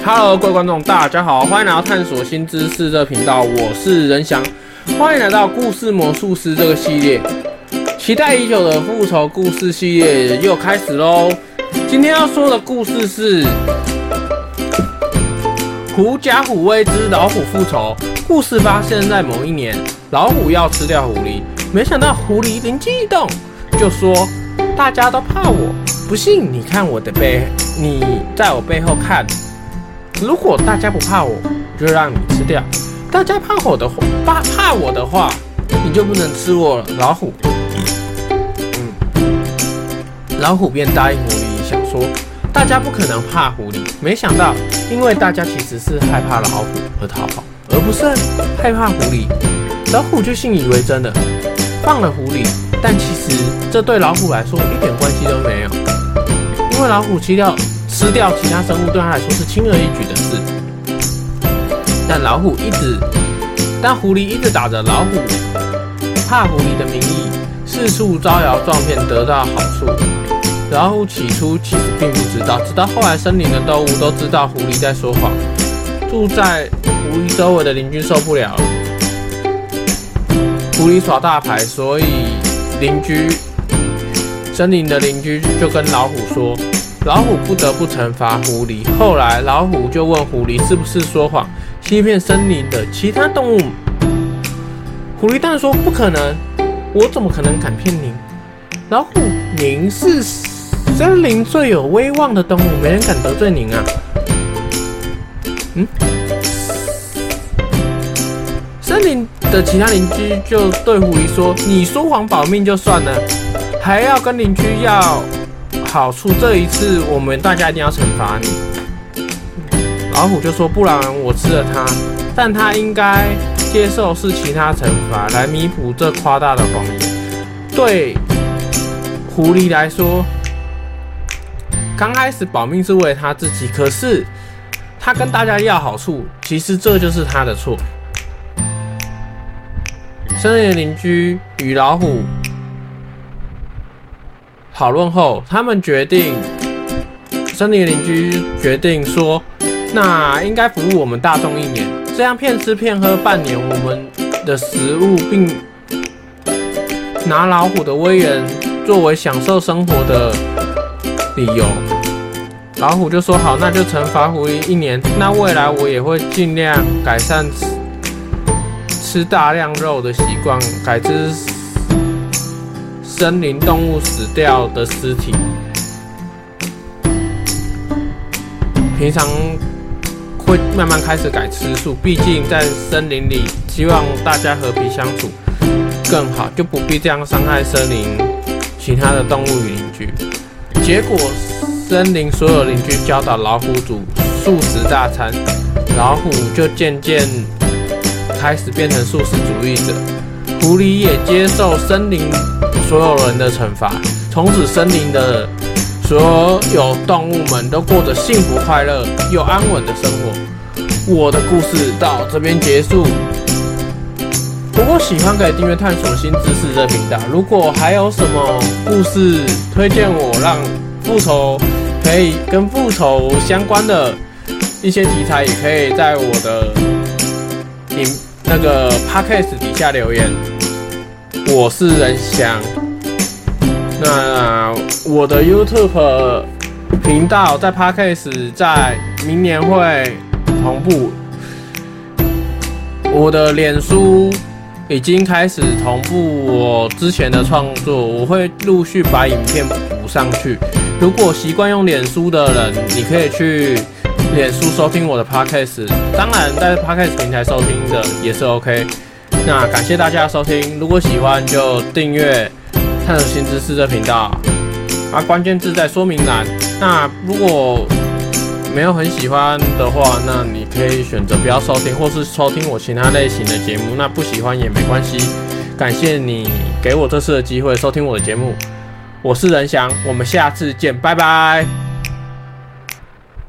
哈嘍，Hello，各位觀眾，大家好，歡迎來到探索新知識這頻道，我是仁翔，歡迎來到故事魔術師這個系列，期待已久的復仇故事系列又開始嘍。今天要說的故事是《狐假虎威之老虎復仇》，故事發生在某一年，老虎要吃掉狐狸，沒想到狐狸靈機一動，就說大家都怕我，不信你看我的背，你在我背後看。如果大家不怕我，就讓你吃掉；大家怕火的話，怕怕我的話，你就不能吃我了老虎。嗯，老虎便答應狐狸，想說大家不可能怕狐狸。沒想到，因為大家其實是害怕老虎而逃跑，而不是害怕狐狸。老虎就信以為真了，放了狐狸。但其實這對老虎來說一點關係都沒有，因為老虎吃掉。吃掉其他生物對它來說是輕而易舉的事，但老虎一直，但狐狸一直打着老虎怕狐狸的名義，四處招搖撞騙，得到好處。老虎起初其實並不知道，直到後來森林的動物都知道狐狸在說謊。住在狐狸周圍的鄰居受不了，狐狸耍大牌，所以鄰居，森林的鄰居就跟老虎說。老虎不得不懲罰狐狸。後來，老虎就問狐狸：“是不是說謊，欺騙森林的其他動物？”狐狸蛋說：“不可能，我怎麼可能敢騙您？老虎，您是森林最有威望的動物，沒人敢得罪您啊。”嗯？森林的其他鄰居就對狐狸說：“你說謊保命就算了，還要跟鄰居要？”好處，這一次我們大家一定要懲罰你。老虎就說：“不然我吃了它，但它應該接受是其他懲罰來彌補這誇大的謊言。”對狐狸來說，剛開始保命是為了它自己，可是它跟大家要好處，其實這就是它的錯。森林鄰居與老虎。討論後，他們決定，森林鄰居決定說，那應該服務我們大眾一年，這樣騙吃騙喝半年，我們的食物，並拿老虎的威嚴作為享受生活的理由。老虎就說好，那就懲罰狐狸一年。那未來我也會盡量改善吃，吃大量肉的習慣，改吃。森林動物死掉的屍體，平常會慢慢開始改吃素，畢竟在森林裡，希望大家和平相處更好，就不必這樣傷害森林其他的動物與鄰居。結果，森林所有鄰居教導老虎煮素食大餐，老虎就漸漸開始變成素食主義者，狐狸也接受森林。所有人的懲罰，從此森林的所有動物們都過着幸福快樂又安穩的生活。我的故事到這邊結束。如果喜歡可以訂閱探索新知識的頻道。如果還有什麼故事推薦我，讓復仇可以跟復仇相關的一些題材，也可以在我的那個 Podcast 底下留言。我是仁翔，那我的 YouTube 頻道在 Podcast 在明年會同步，我的臉書已經開始同步我之前的創作，我會陸續把影片補上去。如果習慣用臉書的人，你可以去臉書收聽我的 Podcast，當然在 Podcast 平台收聽的也是 OK。那感謝大家的收聽，如果喜歡就訂閱探索新知識的頻道，啊，關鍵字在說明欄。那如果沒有很喜歡的話，那你可以選擇不要收聽，或是收聽我其他類型的節目。那不喜歡也沒關係，感謝你給我這次的機會收聽我的節目，我是仁翔，我們下次見，拜拜。